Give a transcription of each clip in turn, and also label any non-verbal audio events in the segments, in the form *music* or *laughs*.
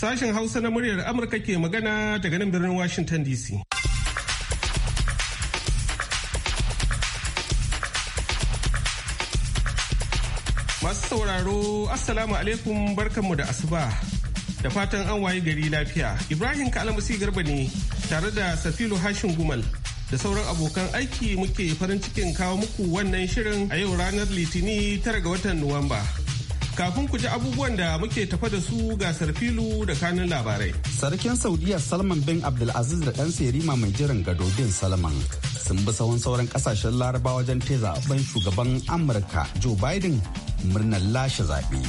Sashen Hausa na muryar Amurka ke magana daga nan birnin Washington DC. Masu sauraro, Assalamu alaikum barkanmu da asuba. Da fatan an wayi gari lafiya. Ibrahim Kalamusi Garba ne tare da Safilu Hashin Gumal. da sauran abokan aiki muke farin cikin kawo muku wannan shirin a yau ranar litini tara ga watan Nuwamba. Kafin ku ji abubuwan da muke tafa da su gasar filu da kanun labarai. Sarkin Saudiya Salman bin Abdulaziz da ɗan Yarima mai jiran gado bin Salman sun bi sahun sauran kasashen Laraba wajen te zaben shugaban Amurka Joe Biden murnar lashe zaɓe.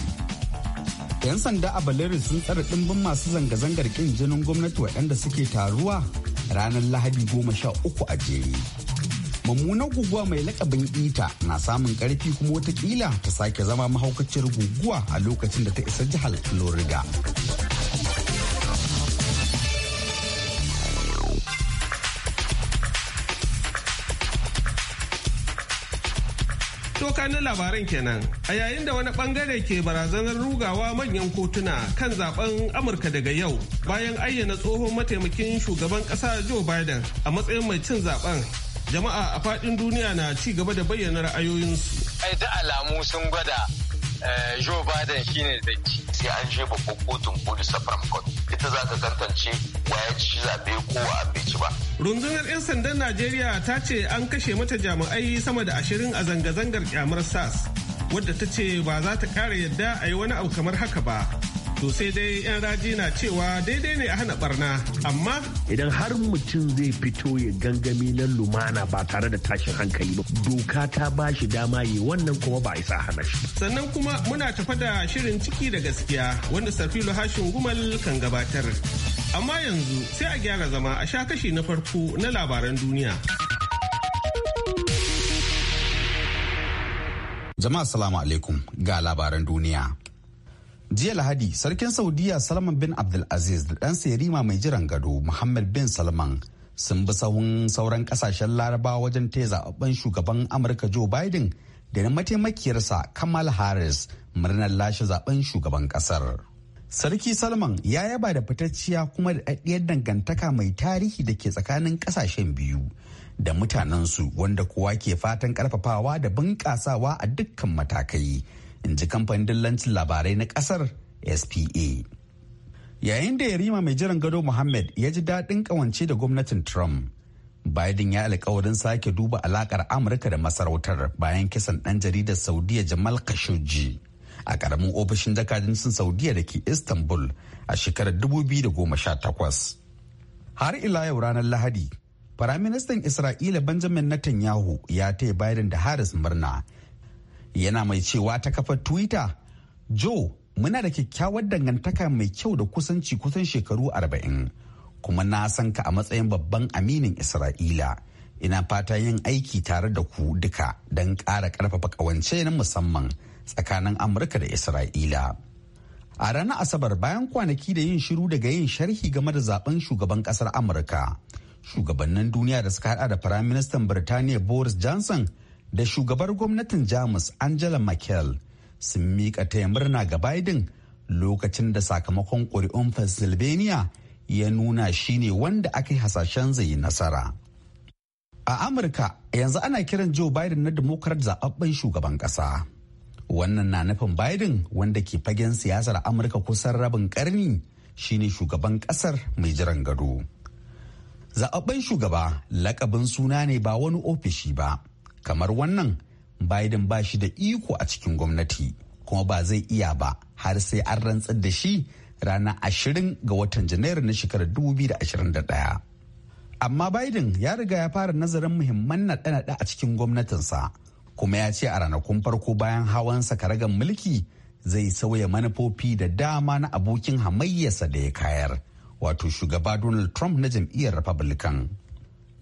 'Yan sanda a Baleri sun tsare ɗimbin masu zanga-zangar ƙin jinin gwamnati waɗanda suke taruwa ranar Lahadi goma sha uku a jere. mummunar guguwa mai lakabin ita na samun karfi kuma watakila ta sake zama mahaukaciyar guguwa a lokacin da ta isa jihar florida Tokanin labaran kenan a yayin da wani bangare ke barazanar rugawa manyan kotuna kan zaben Amurka daga yau bayan ayyana tsohon mataimakin shugaban kasa Joe Biden a matsayin mai cin zaben jama'a a faɗin duniya na ci gaba da bayyana ra'ayoyinsu. ai da alamu sun gwada eh, Joe Biden shine da sai an je babban kotun kudu Supreme Court ita za ka tantance waye ci zabe ko a ci ba. Rundunar 'yan sandan Najeriya ta ce an kashe mata jami'ai sama da ashirin a zanga-zangar kyamar sas wadda ta ce ba za ta ƙara yadda a yi wani abu kamar haka ba. to sai dai 'yan raji na cewa daidai ne a hana barna amma idan har mutum zai fito ya gangami na lumana ba tare da tashin hankali ba doka ta ba shi dama yi wannan kuma ba isa hana shi sannan kuma muna tafa da shirin ciki da gaskiya wanda sarfilo hashin gumal kan gabatar amma yanzu sai a gyara zama a sha kashi na farko na labaran duniya jama'a salamu alaikum ga labaran duniya jiya lahadi sarkin saudiya salman bin abdulaziz da ɗansa yarima mai jiran gado muhammad bin salman sun bi sahun sauran kasashen larabawa wajen taya zaɓaɓɓen shugaban amurka joe biden da na mataimakiyarsa kamal harris murnar lashe zaɓen shugaban ƙasar sarki salman ya yaba da fitacciya kuma da ɗaɗɗiyar dangantaka mai tarihi da ke tsakanin ƙasashen biyu da mutanensu wanda kowa ke fatan ƙarfafawa da bunƙasawa a dukkan matakai in ji kamfanin dillancin labarai na kasar spa yayin da yarima mai jiran gado muhammad ya ji daɗin ƙawance da gwamnatin trump biden ya alkawarin sake duba alakar amurka da masarautar bayan kisan ɗan jaridar saudiya jamal khashoggi a ƙaramin ofishin sun saudiya da ke istanbul a shekarar 2018 har ila yau ranar lahadi Firaministan Isra'ila Benjamin Netanyahu ya taya Biden da Harris murna yana mai cewa ta kafar twitter joe muna da kyakkyawar dangantaka mai kyau da kusanci kusan shekaru arba'in kuma na san ka a matsayin babban aminin isra'ila ina fata yin aiki tare da ku duka don ƙara karfafa ƙawance na musamman tsakanin amurka da isra'ila a ranar asabar bayan kwanaki da yin shiru daga yin sharhi game da zaben shugaban kasar amurka shugabannin duniya da suka hada da firaministan birtaniya boris johnson da shugabar gwamnatin jamus angela merkel sun miƙa taya murna ga biden lokacin da sakamakon ƙuri'un pennsylvania ya nuna shine wanda aka yi hasashen zai yi nasara a amurka yanzu ana kiran joe biden na democrat zababben shugaban ƙasa wannan na nufin biden wanda ke fagen siyasar amurka kusan rabin karni shine shugaban ƙasar mai jiran gado Zaɓaɓɓen shugaba lakabin suna ne ba wani ofishi ba kamar wannan biden ba shi da iko a cikin gwamnati kuma ba zai iya ba har sai an rantsar da shi ranar ashirin ga watan janairu na shekarar 2021 amma biden ya riga ya fara nazarin muhimman naɗe-naɗe a cikin gwamnatinsa kuma ya ce a ranakun farko bayan hawan karagan mulki zai sauya manufofi da dama na abokin hamayyarsa da ya kayar wato shugaba donald trump na jam'iyyar republican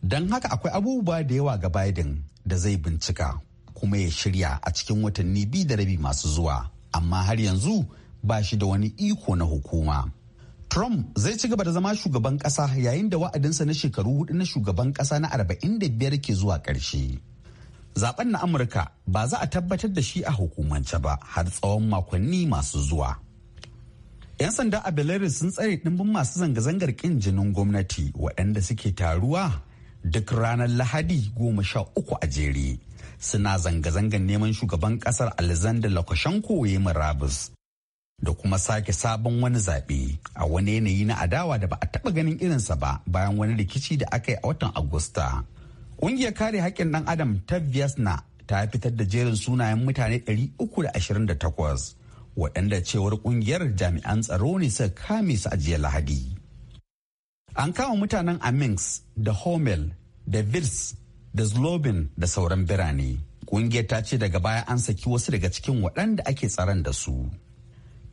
don haka akwai abubuwa da yawa ga biden da zai bincika kuma ya shirya a cikin watanni biyu da rabi masu zuwa amma har yanzu ba shi da wani iko na hukuma. Trump zai ci gaba da zama shugaban kasa yayin da wa'adinsa na shekaru hudu na shugaban kasa na arba'in da biyar ke zuwa ƙarshe. Zaben na Amurka ba za a tabbatar da shi a hukumance ba har tsawon makonni masu zuwa. 'Yan sanda a Belarus sun tsare ɗimbin masu zanga-zangar ƙin jinin gwamnati waɗanda suke taruwa duk ranar lahadi goma sha uku a jere suna zanga zangan neman shugaban kasar alexander lukashenko ya rabus. da kuma sake sabon wani zaɓe a wani yanayi na adawa da ba a taɓa ganin irinsa ba bayan wani rikici da aka yi a watan agusta ƙungiyar kare haƙƙin ɗan adam ta viasna ta fitar da jerin sunayen mutane 328 waɗanda cewar ƙungiyar jami'an tsaro ne suka kame su a jiya lahadi An kama mutanen amins da Homel da Vils da Zlobin da sauran birane. Kungiyar ta ce daga baya an saki wasu daga cikin waɗanda ake tsaron da su.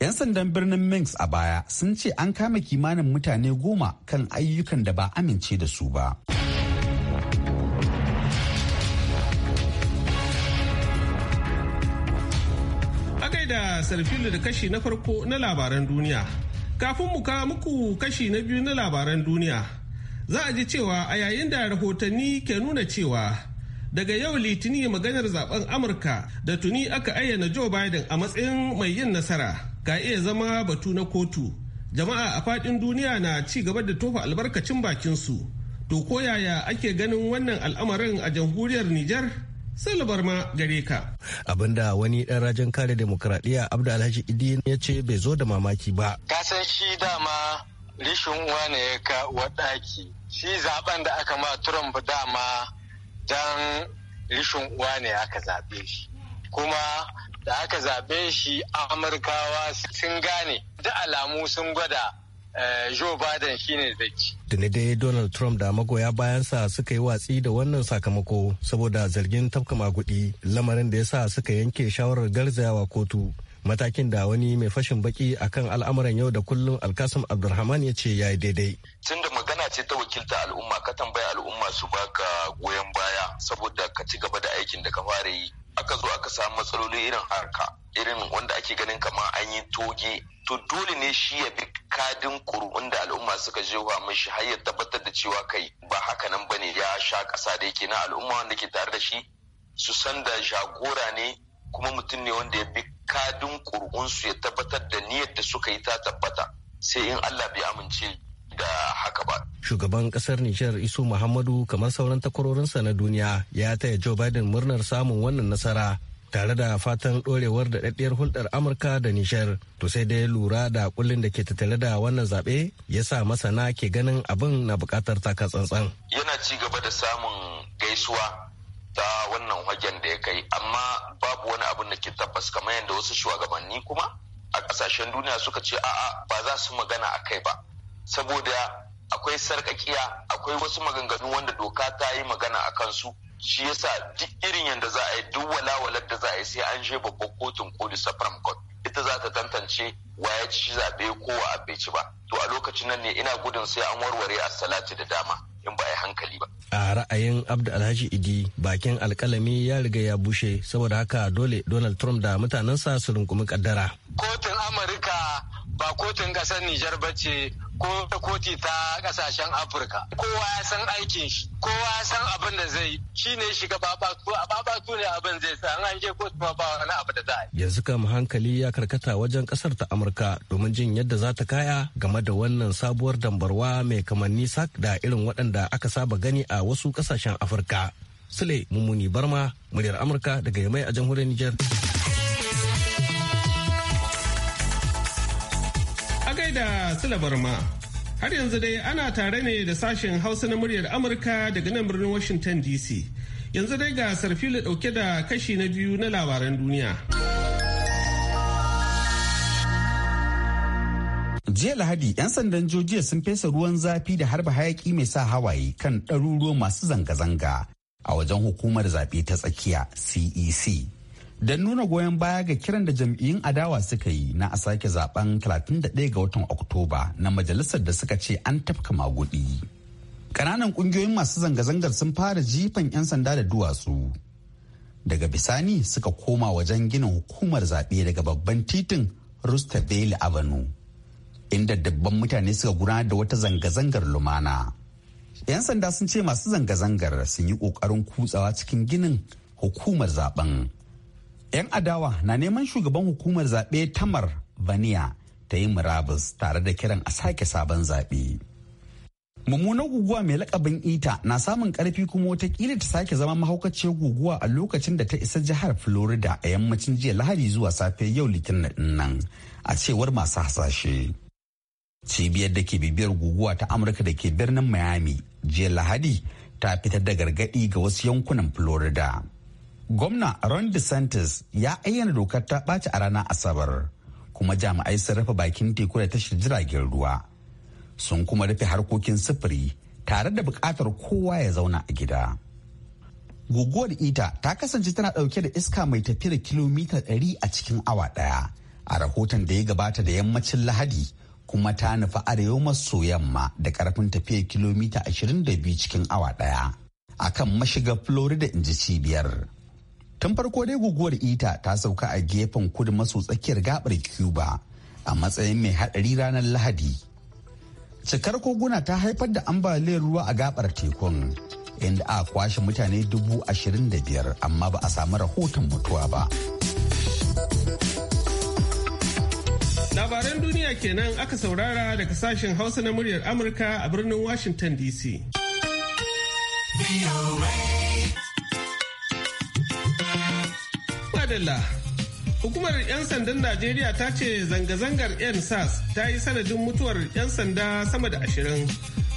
'Yan sandan birnin Minsk a baya sun ce an kama kimanin mutane goma kan ayyukan da ba amince da su ba. da sarfilu da kashi na farko na labaran duniya Kafin mu kawo muku kashi na biyu na labaran duniya, za a ji cewa a yayin da rahotanni ke nuna cewa daga yau litini maganar zaben Amurka da tuni aka ayyana Joe Biden a matsayin mai yin nasara ka iya zama batu na kotu. Jama'a a faɗin duniya na ci gaba da tofa albarkacin bakinsu. To koyaya ake ganin wannan al'amarin a jamhuriyar Nijar? Salabar ma gare ka. Abinda wani ɗan rajin kare demokuraɗiyya Abdu Alhaji Idi ya ce bai zo da mamaki ba. Ka san shi dama rishin uwa ne ya ka waɗaki. Shi zaben da aka ma Trump dama dan rishin uwa ne aka zaɓe shi. Kuma da aka zaɓe shi Amurkawa sun gane da alamu sun gwada Eh, Joe Biden shine ne da Tuni dai Donald Trump da magoya bayansa suka yi watsi da wannan sakamako saboda zargin tafka maguɗi lamarin da ya sa suka yanke shawarar garzayawa kotu matakin da wani mai fashin baki akan al'amuran yau da kullum alkasim abdulrahman ya ce ya yi daidai tun da magana ce ta wakilta al'umma ka tambaya al'umma su baka goyon baya saboda ka ci gaba da aikin da ka fara yi aka zo aka samu matsaloli irin harka irin wanda ake ganin kama an yi toge to dole ne shi ya bi kadin kuru. Wanda al'umma suka je wa mishi har ya tabbatar da cewa kai ba haka nan bane ya sha kasa da yake na al'umma wanda ke tare da shi su san da jagora ne kuma mutum ne wanda ya bi kadin ƙur'unsu ya tabbatar da niyyar da suka yi ta tabbata sai in Allah bai amince da haka ba. Shugaban kasar Nijar Isu Muhammadu kamar sauran takwarorinsa na duniya ya taya Joe Biden murnar samun wannan nasara tare da fatan ɗorewar da ɗaɗɗiyar hulɗar Amurka da Nijar. To sai dai lura da kullun da ke tattare da wannan zaɓe ya sa masana ke ganin abin na buƙatar taka tsantsan. Yana ci gaba da samun gaisuwa ta wannan wajen da ya kai amma babu wani abin da ke tabbas kamar yadda wasu shugabanni kuma a kasashen duniya suka ce a'a ba za su magana a kai ba saboda akwai sarkakiya akwai wasu maganganu wanda doka ta yi magana a kansu shi yasa duk irin yadda za a yi duk walawalar da za a yi sai an je babban kotun koli supreme court ita za ta tantance wa ya ci zaɓe ko wa a ci ba to a lokacin nan ne ina gudun sai an warware a salati da dama in ba a hankali ba. A ra'ayin Abdu Alhaji Idi bakin alkalami ya riga ya bushe saboda haka dole Donald Trump da mutanensa su rungumi kaddara. Kotun Amurka ba kotun ƙasar Nijar ba ce ko koti ta ƙasashen Afirka. Kowa ya san aikin shi, kowa ya san abin da zai shi ne shiga babatu, a babatu ne abin zai sa an je kotu ma ba wani abu da za a yi. Yanzu kam hankali ya karkata wajen ƙasar ta Amurka domin jin yadda za ta kaya game da wannan sabuwar dambarwa mai kamanni sak da irin waɗanda aka saba gani a wasu ƙasashen Afirka. Sule Mummuni Barma, muryar Amurka daga Yamai a jamhuriyar Nijar. da silabar ma. Har yanzu dai ana tare ne da sashen Hausa na muryar Amurka daga nan birnin Washington DC. Yanzu dai ga sarfili dauke da kashi na biyu na labaran duniya. Jiya Lahadi, 'yan sandan Jojiya sun fesa ruwan zafi da harba hayaki mai sa hawaye kan ɗaruruwan masu zanga-zanga a wajen hukumar zaɓe ta tsakiya CEC. E don nuna goyon baya ga kiran da jam'iyyun adawa suka yi na a sake zaben 31 ga watan oktoba na majalisar da suka ce an tafka magudi kananan kungiyoyin masu zanga-zangar sun fara jifan 'yan sanda da duwatsu daga bisani suka koma wajen ginin hukumar zaɓe daga babban titin rustaveli avenue inda dabban mutane suka gudanar da wata zanga-zangar lumana 'yan sanda sun ce masu zanga-zangar sun yi ƙoƙarin kutsawa cikin ginin hukumar zaben 'Yan adawa na neman shugaban hukumar zaɓe Tamar baniya ta yi murabus tare da kiran a sake sabon zaɓe. Mummunan guguwa mai lakabin ita na samun karfi kuma watakila ta sake zama mahaukaciyar guguwa a lokacin da ta isa jihar Florida a yammacin jiya Lahadi zuwa safe yau litinin nan a cewar masu hasashe. Cibiyar da ke bibiyar guguwa ta Amurka da ke birnin Miami jiya Lahadi ta fitar da gargadi ga wasu yankunan Florida. Gwamna Ron DeSantis ya ayyana dokar ta ɓaci a ranar Asabar, kuma jami'ai sun rufe bakin teku da tashar jiragen ruwa. Sun kuma rufe harkokin sufuri tare da buƙatar kowa ya zauna a gida. Guguwar Ita ta kasance tana ɗauke da iska mai tafiyar kilomita ɗari a cikin awa ɗaya a rahoton da ya gabata da yammacin Lahadi kuma ta nufi arewa maso yamma da ƙarfin tafiyar kilomita ashirin da biyu cikin awa ɗaya akan mashiga Florida in ji cibiyar. tun farko dai guguwar ita ta sauka a gefen kudu maso tsakiyar gabar cuba a matsayin mai hadari ranar lahadi cikar koguna ta haifar da ambaliyar ruwa a gabar tekun inda a kwashe mutane dubu ashirin da biyar amma ba a samu rahoton mutuwa ba labaran duniya kenan aka saurara daga sashen hausa na muryar amurka a birnin washington dc madalla hukumar 'yan sandan najeriya ta ce zanga-zangar 'yan sas ta yi sanadin mutuwar 'yan sanda sama da ashirin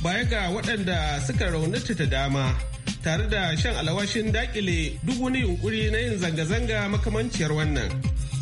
baya ga waɗanda suka raunata ta dama tare da shan alawashin dakile duk wani yunkuri na yin zanga-zanga makamanciyar wannan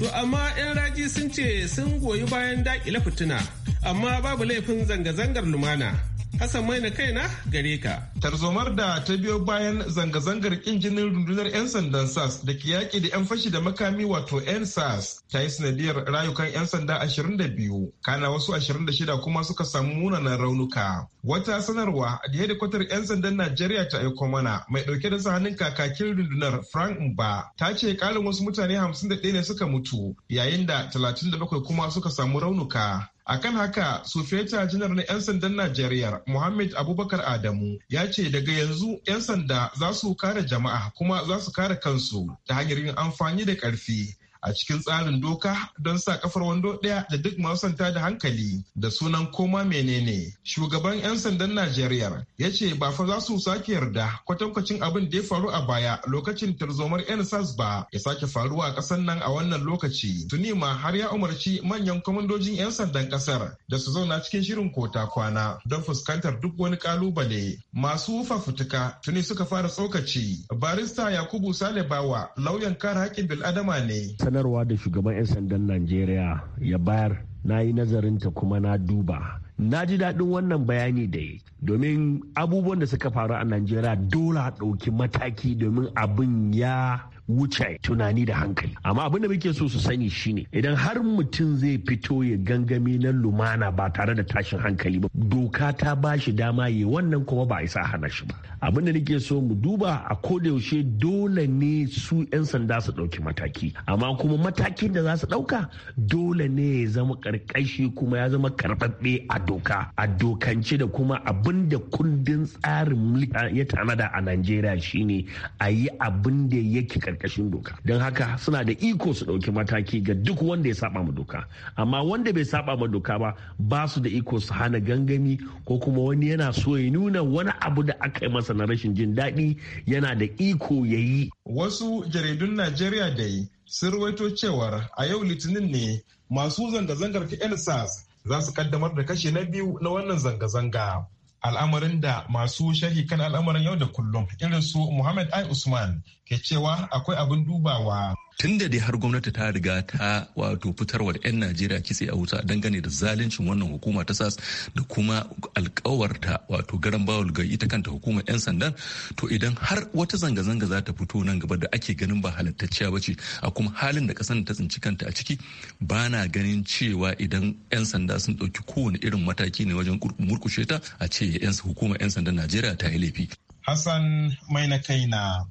to amma 'yan raji sun ce sun goyi bayan dakile fituna amma babu laifin zanga-zangar lumana Hassan Maina kaina gare ka. Tarzomar da ta biyo bayan zanga-zangar kin jinin rundunar 'yan sandan SAS da ke yaƙi da 'yan fashi da makami wato 'yan SAS ta yi sanadiyar rayukan 'yan sanda 22, kana wasu 26 kuma suka samu munanan raunuka. Wata sanarwa da ya da kwatar 'yan sandan Najeriya ta aiko mana mai ɗauke da sahanin kakakin rundunar Frank Mba ta ce kalin wasu mutane 51 ne suka mutu yayin da 37 kuma suka samu raunuka. akan haka sufeta janar na 'yan sandan najeriya muhammad abubakar adamu ya ce daga yanzu 'yan sanda za su kare jama'a kuma za su kare kansu ta hanyar yin amfani da karfi a cikin tsarin doka don sa kafar wando ɗaya da duk masu santa da hankali da sunan koma menene shugaban 'yan sandan najeriya ya ce ba fa za su sake yarda kwatankwacin abin da ya faru a baya lokacin tarzomar 'yan ba ya sake faruwa a ƙasar nan a wannan lokaci tuni ma har ya umarci manyan kwamandojin 'yan sandan ƙasar da su zauna cikin shirin kota kwana don fuskantar duk wani kalubale masu fafutuka tuni suka fara tsokaci barista yakubu Salibawa lauyan kare haƙƙin bil'adama ne sanarwa da shugaban 'yan sandan najeriya ya bayar na yi nazarinta kuma na duba na ji daɗin wannan bayani da yi domin abubuwan da suka faru a najeriya dole a ɗauki mataki domin abin ya wuce tunani da hankali amma abin da muke so su sani shine idan har mutum zai fito ya gangami na lumana ba tare da tashin hankali ba doka ta ba shi dama ya wannan kuma ba a isa hana shi ba abin da nake so mu duba a ko da yaushe dole ne su 'yan sanda su ɗauki mataki amma kuma matakin da za su ɗauka dole ne ya zama karkashi kuma ya zama karbabbe a doka a dokance da kuma abin da kundin tsarin mulki ya tanada a najeriya shine a yi abin da yake karkashin doka don haka suna da iko su dauki mataki ga duk wanda ya saba ma doka amma wanda bai saba ma doka ba ba su da iko su hana gangami ko kuma wani yana so ya nuna wani abu da aka yi masa na rashin jin daɗi yana da iko ya yi wasu jaridun najeriya yi sun ruwaito cewar a yau litinin ne masu zanga-zangar ta sas za su kaddamar da kashe na biyu na wannan zanga-zanga al'amarin da masu sharhi kan al'amarin yau da kullum irin su Muhammad I Usman ke cewa akwai abin dubawa. tun da dai har gwamnati ta riga ta wato fitarwa da 'yan najeriya kitse a wuta dangane da zaluncin wannan hukuma ta sas da kuma alkawarta wato garan bawul ga ita kanta hukumar 'yan sandan to idan har wata zanga-zanga za ta fito nan gaba da ake ganin ba halittacciya ba ce a kuma halin da kasar ta tsinci kanta a ciki ba na ganin cewa idan 'yan sanda sun ɗauki kowane irin mataki ne wajen murkushe ta a ce hukumar 'yan sandan najeriya ta yi laifi. hassan mai na kai na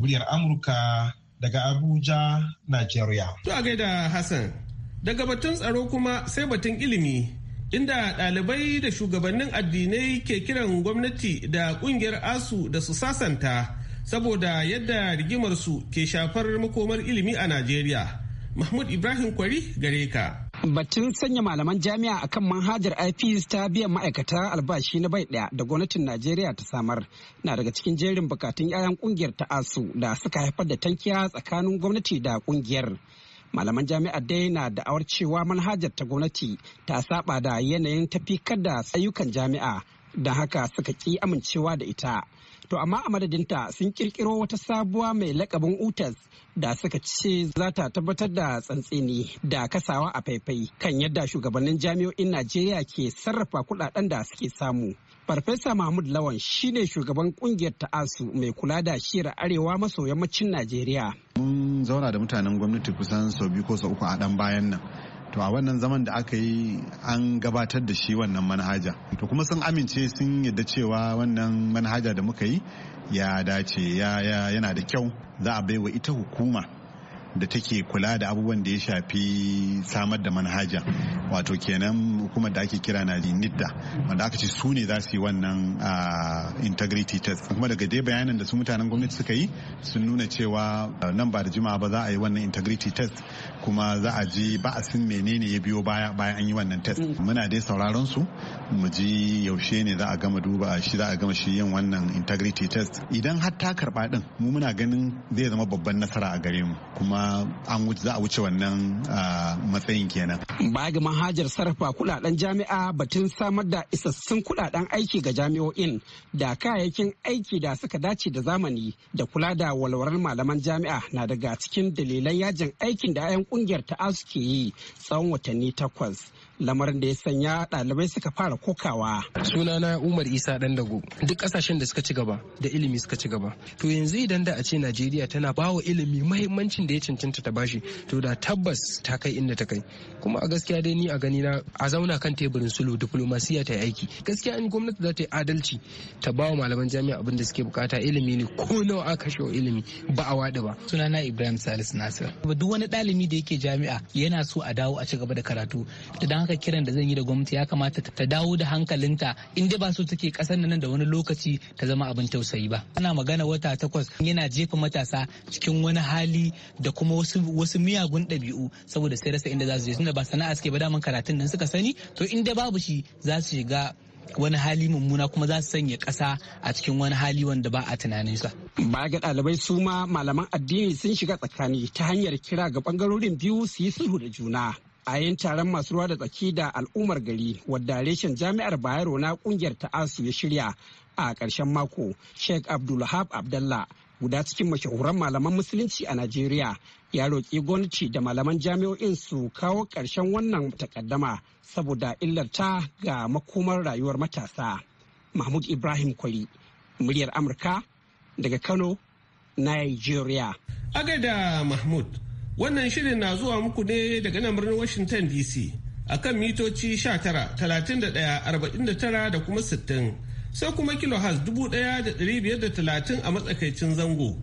muryar amurka daga Abuja, Najeriya. To a gaida Hassan, daga batun tsaro kuma sai batun ilimi, inda ɗalibai da shugabannin addinai ke kiran gwamnati da ƙungiyar ASU da su sasanta saboda yadda rigimarsu ke shafar makomar ilimi a Najeriya. Mahmud Ibrahim Kwari gare ka. Baccin sanya malaman jami'a akan manhajar IPs ta biyan ma'aikata albashi na bai ɗaya da gwamnatin Najeriya ta samar na daga cikin jerin bukatun 'ya'yan kungiyar ta ASU da suka haifar da tankiya tsakanin gwamnati da kungiyar. Malaman jami'a dai na da'awar cewa manhajar ta gwamnati ta saba da yanayin tafi kada tsayukan jami'a da haka suka ki amincewa da ita. to amma a madadinta sun kirkiro wata sabuwa mai lakabin utas da suka ce za ta tabbatar da tsantseni da kasawa a faifai kan yadda shugabannin jami'o'in najeriya ke sarrafa kudaden da suke samu farfesa mahmud lawan shine shugaban kungiyar ta'asu mai kula da shiyar arewa maso yammacin najeriya mun zauna da mutanen gwamnati kusan sau biyu ko sau uku a dan bayan nan to a wannan zaman da aka yi an gabatar da shi wannan manhaja to kuma sun amince sun yadda cewa wannan manhaja da muka yi ya dace yana da kyau za a baiwa ita hukuma da take kula da abubuwan da ya shafi samar da manhaja wato kenan kuma da ake kira na nidda wanda aka ce su ne za su yi wannan integrity test kuma daga dai bayanan da su mutanen gwamnati suka yi sun nuna cewa nan ba da jima'a ba za a yi wannan integrity test kuma za a ji ba a san menene ya biyo baya bayan an yi wannan test mm. muna dai sauraron su mu ji yaushe ne za a gama duba shi za a gama shi yin wannan integrity test idan har ta karba din mu muna ganin zai zama babban nasara a gare mu kuma an wuce za a wuce wannan matsayin kenan baya ga manhajar sarrafa kudaden jami'a batun samar da isassun kudaden aiki ga jami'o'in da kayayyakin aiki da suka dace da zamani da kula da walwalar malaman jami'a na daga cikin dalilan yajin aikin da 'yan kungiyar ta ke yi tsawon watanni takwas lamarin da ya sanya dalibai suka fara kokawa. Sunana Umar Isa dago duk kasashen da suka ci gaba da ilimi suka ci gaba. To yanzu idan da a ce Najeriya tana bawa ilimi mahimmancin da ya cancanta ta bashi to da tabbas ta kai inda ta kai. Kuma a gaskiya dai ni a gani na a zauna kan teburin sulu diplomasiya ta yi aiki. Gaskiya in gwamnati za ta yi adalci ta bawa malaman jami'a abin da suke bukata ilimi ne ko nawa aka kashe ilimi ba a waɗi ba. Sunana Ibrahim Salisu Nasir. Duk wani ɗalibi da yake jami'a yana so a dawo a ci gaba da karatu. Da haka kiran da zan yi da gwamnati ya kamata ta dawo da hankalinta inda ba so take kasar nan da wani lokaci ta zama abin tausayi ba ana magana wata takwas yana jefa matasa cikin wani hali da kuma wasu wasu miyagun dabi'u saboda sai rasa inda za su je tunda ba sana'a suke ba daman karatun nan suka sani to inda babu shi za su shiga wani hali mummuna kuma za su sanya kasa a cikin wani hali wanda ba a sa Baya ga ɗalibai su ma malaman addini sun shiga tsakani ta hanyar kira ga bangarorin biyu su yi sulhu da juna. a yayin taron masu ruwa da tsaki da al'ummar gari wadda reshen jami'ar bayero na kungiyar ta asu ya shirya a ƙarshen mako sheikh abdulhab abdallah guda cikin mashahuran malaman musulunci a najeriya ya roƙi gwamnati da malaman jami'o'in su kawo ƙarshen wannan takaddama saboda illarta ga makomar rayuwar matasa mahmud ibrahim kwari muryar amurka daga kano nigeria agada mahmud Wannan shirin na zuwa muku ne daga nan birnin Washington DC a kan mitoci 19, da kuma 60 sai kuma kilohaz 1530 a matsakaicin zango.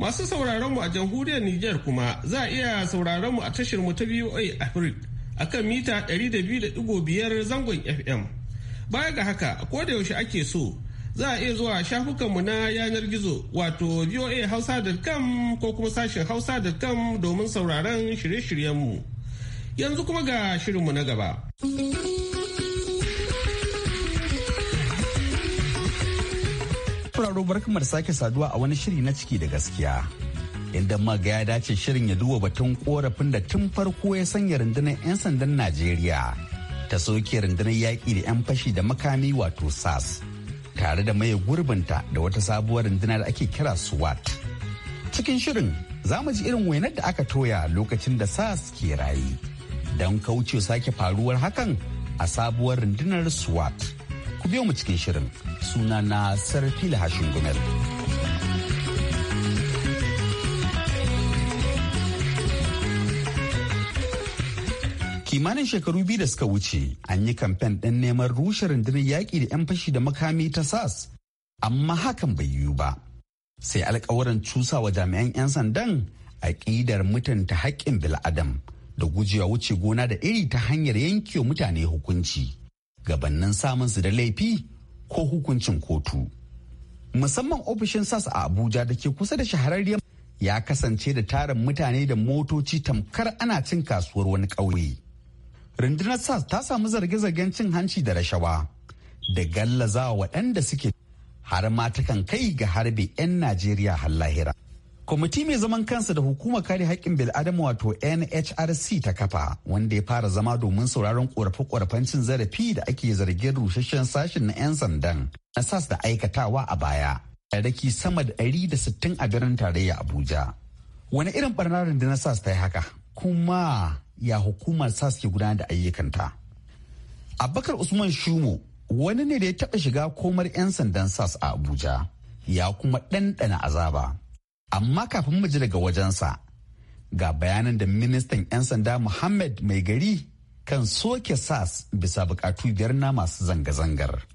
Masu sauraron mu a jamhuriyar Nijar kuma za a iya sauraron mu a tashar mu ta VOA Africa a kan mita 200.5 zangon FM. Baya ga haka, ko da yaushe ake so za a iya zuwa shafukanmu na yanar gizo wato hausa.com ko kuma sashen hausa.com domin sauraron shirye-shiryenmu. Yanzu kuma ga shirinmu na gaba. Furaro da sake saduwa a wani shiri na ciki da gaskiya. Inda maga ya dace shirin ya duba batun korafin da tun farko ya sanya rundunar 'yan sandan Najeriya ta soke rundunar yaƙi da 'yan fashi da makami wato SAS. tare da maye gurbinta da wata sabuwar rundunar da ake kira SWAT. Cikin shirin za mu ji irin wainar da aka toya lokacin da SARS ke raye don kauce sake faruwar hakan a sabuwar rundunar SWAT. Ku biyo mu cikin shirin suna na Sarfila Hashin Gumel. kimanin shekaru biyu da suka wuce an yi kamfen ɗin neman rushe rundunar yaƙi da 'yan fashi da makami ta sas amma hakan bai yiwu ba sai alkawaran cusawa jami'an 'yan sandan aƙidar mutunta haƙƙin bil'adam da gujewa wuce gona da iri ta hanyar yankewa mutane hukunci gabannin samun su da laifi ko hukuncin kotu musamman ofishin sas a abuja da ke kusa da shahararriyar ya kasance da tarin mutane da motoci tamkar ana cin kasuwar wani ƙauye rundunar sars ta samu zarge-zargen cin hanci da rashawa da galla gallaza waɗanda suke har ma takan kai ga harbi 'yan najeriya har lahira kwamiti mai zaman kansa da hukumar kare haƙƙin bil'adama wato nhrc ta kafa wanda ya fara zama domin sauraron ƙorafe-ƙorafen cin zarafi da ake zargin rusasshen sashen na 'yan sandan na sas da aikatawa a baya ɗaraki sama da 160 a birnin tarayya abuja wani irin barna rundunar sas ta yi haka kuma ya hukumar sas ke gudanar da ayyukanta. Abubakar Usman Shumo wani ne da ya taɓa shiga komar 'yan sandan sas a Abuja ya kuma ɗanɗana azaba. Amma kafin mu ji daga wajensa ga bayanan da ministan 'yan sanda Muhammad mai gari kan soke sas bisa bukatu biyar na masu zanga-zangar.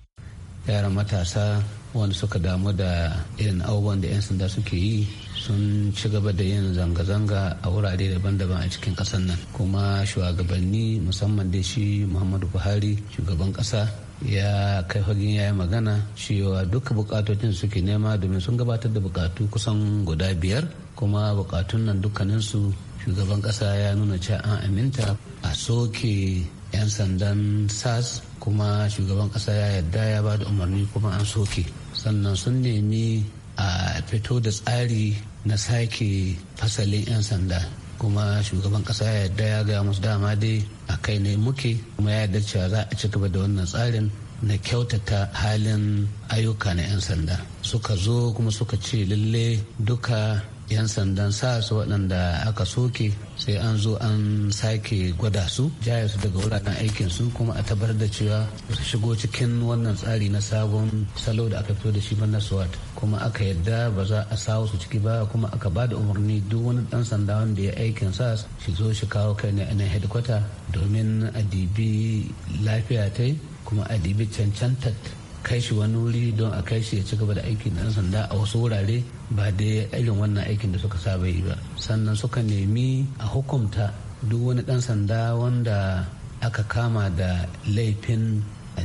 yaran matasa wanda suka damu da irin abubuwan da 'yan sanda suke yi sun ci gaba da yin zanga-zanga a wurare daban-daban a cikin kasar nan kuma shugabanni musamman da shi muhammadu buhari shugaban kasa ya kai fagen ya yi magana cewa duka bukatocin suke nema domin sun gabatar da bukatu kusan guda biyar kuma bukatun nan dukkaninsu shugaban kasa ya nuna cewa an aminta a soke 'yan sandan sas kuma shugaban kasa ya yarda ya ba da umarni kuma an soke sannan sun nemi a fito da tsari na sake fasalin 'yan sanda kuma shugaban kasa ya yarda ya ga musu dama dai a kai ne muke kuma ya yarda cewa za a ci gaba da wannan tsarin na kyautata halin ayyuka na 'yan sanda suka zo kuma suka ce lalle duka 'yan sandan sars waɗanda aka soke sai an zo an sake gwada su jaya su daga wuraren aikin su kuma a tabbatar da cewa su shigo cikin wannan tsari na sabon salo da aka fito da shi na swat kuma aka yadda ba za a sawo su ciki ba kuma aka ba da umarni duk wani dan sanda wanda ya aikin sars shi zo shi kawo kai ne a domin a dibi lafiya ta kuma a dibi cancantar kai shi wani wuri don a kai shi ya ci gaba da aiki na sanda a wasu wurare ba dai irin wannan aikin da suka saba yi ba sannan suka nemi a hukumta duk wani ɗan sanda wanda aka kama da laifin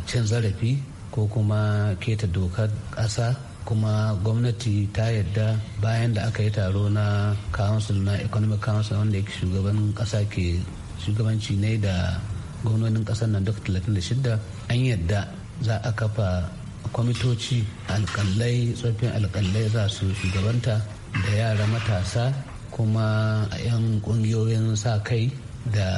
cin zarafi ko kuma keta dokar ƙasa kuma gwamnati ta yadda bayan da aka yi taro na council na economic council wanda yake shugaban ƙasa ke shugabanci ne da gwamnonin ƙasar nan duk 36 an yadda za a kafa kwamitoci alkalai tsoffin alkalai za su shugabanta da yara matasa kuma 'yan kungiyoyin sa kai da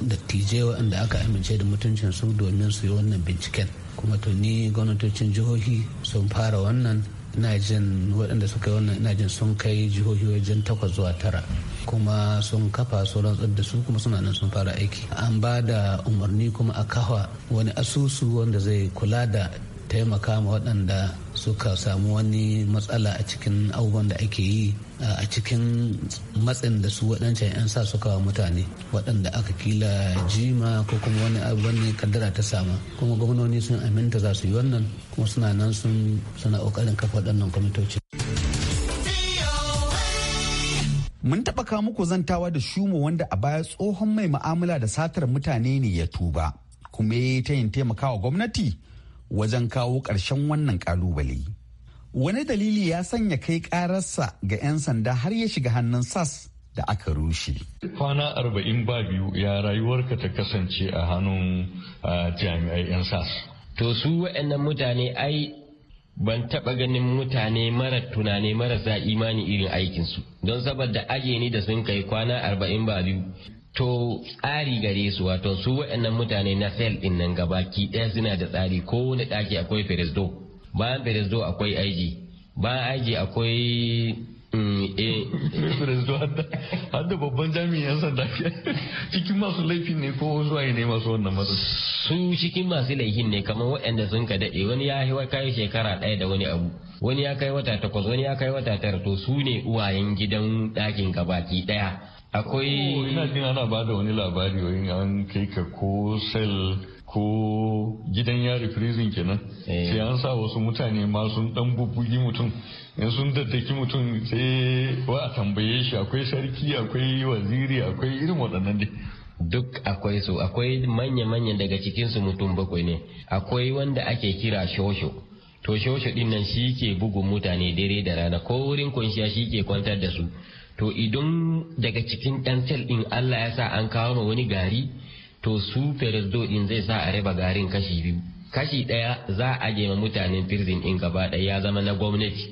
dattijai waɗanda aka amince da mutuncinsu domin su yi wannan binciken kuma tuni gwamnatocin jihohi sun fara wannan ina jin waɗanda suka yi wannan ina jin sun kai jihohi wajen takwas zuwa tara kuma sun kafa su rantsar da su kuma suna nan sun fara aiki an ba da umarni kuma a kawa wani asusu wanda zai kula da taimaka ma waɗanda suka samu wani matsala a cikin abubuwan da ake yi a cikin matsin da su waɗancan 'yan sa suka wa mutane waɗanda aka kila jima ko kuma wani wani kaddara ta sama kuma gwamnoni sun aminta za su yi wannan kuma suna nan sun suna ƙoƙarin kafa waɗannan kwamitoci. Mun taɓa kawo muku zantawa da Shumo wanda a baya tsohon mai ma'amala da satar mutane ne ya tuba kuma ya yi ta yin taimakawa gwamnati wajen kawo ƙarshen wannan ƙalubale. Wani dalili ya sanya kai ƙararsa ga 'yan sanda har ya shiga hannun SAS da aka rushe. Kwana arba'in ba biyu ya rayuwarka ta kasance a hannun jami'ai 'yan SAS. To su wayannan mutane ai ban taɓa ganin mutane mara tunane marasa imani irin aikinsu don saboda ake ni da sun kai kwana arba'in ba biyu to tsari gare su wato su waɗannan mutane na sel ɗin nan gabaki ɗaya suna da tsari ko wani ɗaki akwai firisdo bayan firisdo akwai aiki bayan aiki akwai mm, eh, *laughs* firisdo har da babban jami'an sanda *laughs* cikin masu laifin ne ko wasu ayi ne masu wannan masu su cikin masu laifin ne kamar waɗanda sun ka daɗe wani ya yi kai shekara ɗaya da wani abu wani ya kai wata takwas wani ya kai wata tara to su ne uwayen gidan ɗakin gabaki ɗaya akwai oh, ina jin ana ba da wani labari wani an kai ka ko sel ko gidan yari prison kenan eh. sai an sa wasu mutane ma sun dan bubbugi mutum in sun daddaki mutum sai wa a tambaye shi akwai sarki akwai waziri akwai irin waɗannan dai duk akwai su akwai manya-manya daga cikinsu mutum bakwai ne akwai wanda ake kira shosho to shosho din nan shi ke bugun mutane dare da rana ko wurin kunshiya shi ke kwantar da su to idan daga cikin ɗan sel ɗin Allah ya sa an kawo ma wani gari to su peresdo ɗin zai sa a raba garin kashi biyu kashi ɗaya za a je ma mutanen firzin ɗin gaba ɗaya ya zama na gwamnati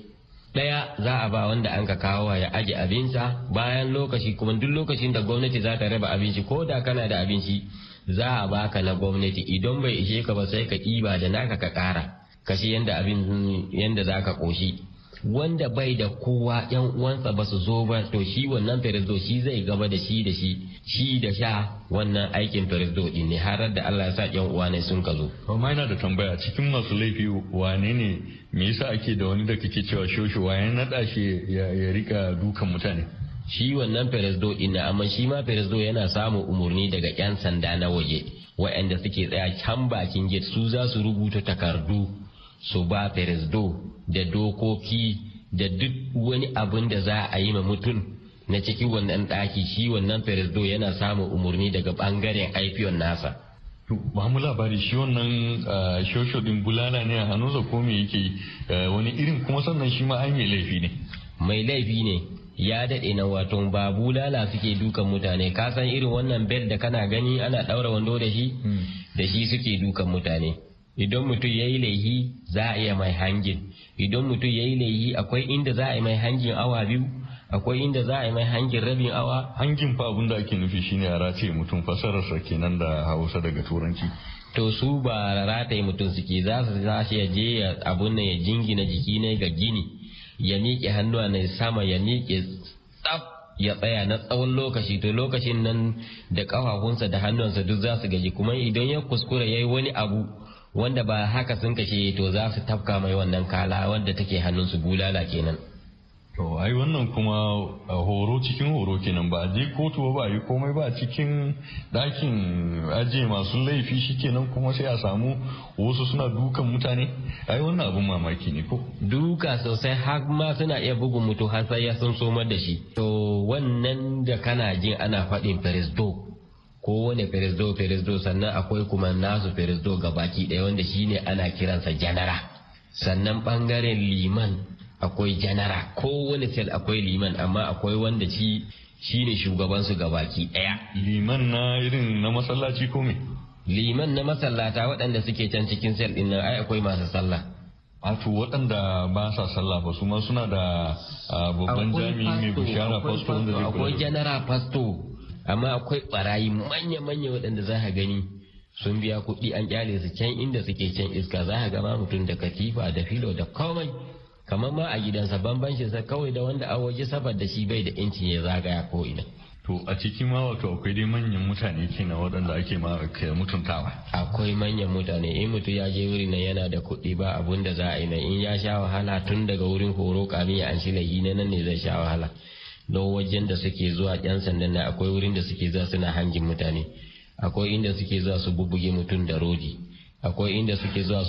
ɗaya za a ba wanda an ka kawo ya aje abinsa bayan lokaci kuma duk lokacin da gwamnati za ta raba abinci ko da kana da abinci za a baka na gwamnati idan bai ishe ka ba sai ka ɗiba da naka ka ƙara kashi yanda abin yanda za ka ƙoshi wanda bai da kowa yan uwansa ba su zo ba to shi wannan firizdo shi zai gaba da shi da shi shi da sha wannan aikin firizdo din ne har da Allah ya sa yan uwa ne sun kazo to mai na da tambaya cikin masu laifi wane ne me yasa ake da wani da kake cewa shoshu waye da shi ya rika dukan mutane shi wannan firizdo din ne amma shi ma firizdo yana samun umurni daga yan sanda na waje wa'anda suke tsaya can bakin gate su za su rubuta takardu su ba firisdo da dokoki da duk wani abin da za a yi ma mutum na cikin wannan ɗaki shi wannan firisdo yana samun umarni daga ɓangaren aifiyon nasa. ba mu labari shi wannan ah, shosho din bulala ne a hannunsa ko me yake eh, wani irin kuma sannan shi ma an yi laifi ne mai laifi ne ya daɗe na wato ba bulala suke dukan mutane ka san irin wannan bel da kana gani ana ɗaura wando da shi hmm. da shi suke dukan mutane idan mutum ya yi laihi za a iya mai hangin idan mutum ya yi laihi akwai inda za a yi mai hangin awa biyu akwai inda za a yi mai hangin rabin awa hangin fa abin da ake nufi shine a rataye mutum fasararsa kenan da hausa daga turanci to su ba rataye mutum suke za su za ya je abun nan ya jingina jiki ne ga gini ya miƙe hannuwa na sama ya miƙe tsaf ya tsaya na tsawon lokaci to lokacin nan da ƙafafunsa da hannuwansa duk za su gaji kuma idan ya kuskura ya yi wani abu wanda ba haka sun kashe to za su tafka mai wannan kala wanda take hannunsu bulala kenan to ai wannan kuma horo cikin horo kenan ba je kotu ba yi komai ba cikin ɗakin ajiye masu laifi shi kenan kuma sai a samu wasu suna dukan mutane ai wannan abin mamaki ne ko duka sosai har ma suna iya bugun mutu har sai ya sun somar da shi to wannan da kana jin ana faɗin do wani feresdo feresdo sannan akwai kuma nasu feresdo gabaki ɗaya wanda shine ana kiransa janara sannan ɓangaren liman akwai janara ko wani sel akwai liman amma akwai wanda shi shine shugabansu gabaki ɗaya liman na irin na masallaci ko me liman na masallata waɗanda suke can cikin sel ɗin nan ai akwai masu sallah Wato waɗanda ba sa sallah ba su ma suna da ah, babban jami'i mai bishara fasto wanda zai Akwai janara fasto amma akwai barayi manya-manya waɗanda za ka gani sun biya kuɗi an kyale su can inda suke can iska za ka gama mutum da katifa da filo da komai kamar ma a gidansa shi sa kawai da wanda a waje saboda shi bai da incin ya zagaya ko ina to a cikin ma wato akwai dai manyan mutane kenan waɗanda ake ma mutuntawa akwai manyan mutane in mutum ya je wuri na yana da kuɗi ba abun da za a yi na in ya sha wahala tun daga wurin horo ya an shi na nan ne zai sha wahala don wajen da suke zuwa yan sandan na akwai wurin da suke zuwa suna hangin mutane akwai inda suke zuwa su bubuge mutum da rodi akwai inda suke zuwa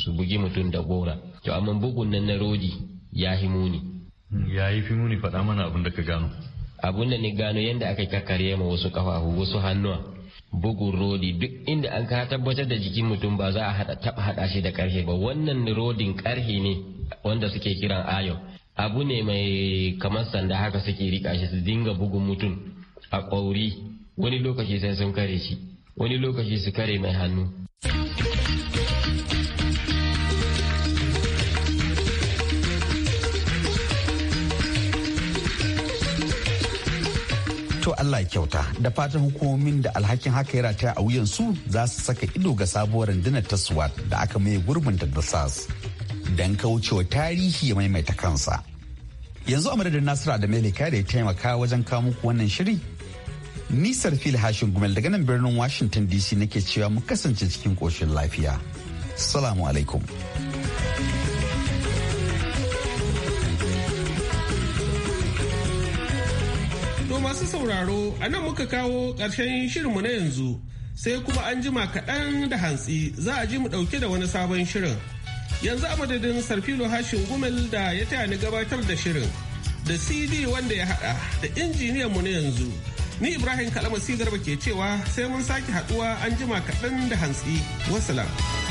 su bugi mutum da gora to amma bugun nan na rodi ya hi muni ya yi fi muni faɗa mana abin da ka gano abin da ni gano yadda aka kakkare ma wasu kafafu wasu hannuwa bugun rodi duk inda an ka tabbatar da jikin mutum ba za a taɓa hada shi da karfe ba wannan rodin karhe ne wanda suke kiran ayon abu ne mai kamar sanda haka suke rika shi su dinga bugun mutum a ƙwauri wani lokaci sai sun kare shi wani lokaci su kare mai hannu to Allah kyauta da fatan hukumomin da alhakin haka ya rataya a wuyansu za su saka ido ga sabuwar rundunar ta SWAT da aka mai gurbin da SARS don kaucewa tarihi ya maimaita kansa yanzu a madadin nasiru adamele da ya taimaka wajen kawo muku wannan shiri nisar fil hashin gumel daga nan birnin washington dc nake cewa mu kasance cikin koshin lafiya salamu alaikum to masu sauraro a nan muka kawo ƙarshen mu na yanzu sai kuma an jima kaɗan da hantsi za a ji mu ɗauke da wani sabon shirin. yanzu a madadin sarfilo hashin gumel da ya taya ni gabatar da shirin da cd wanda ya hada da injiniyan mu na yanzu ni ibrahim kalama garba ke cewa sai mun sake haduwa an jima kaɗan da hantsi wasalam.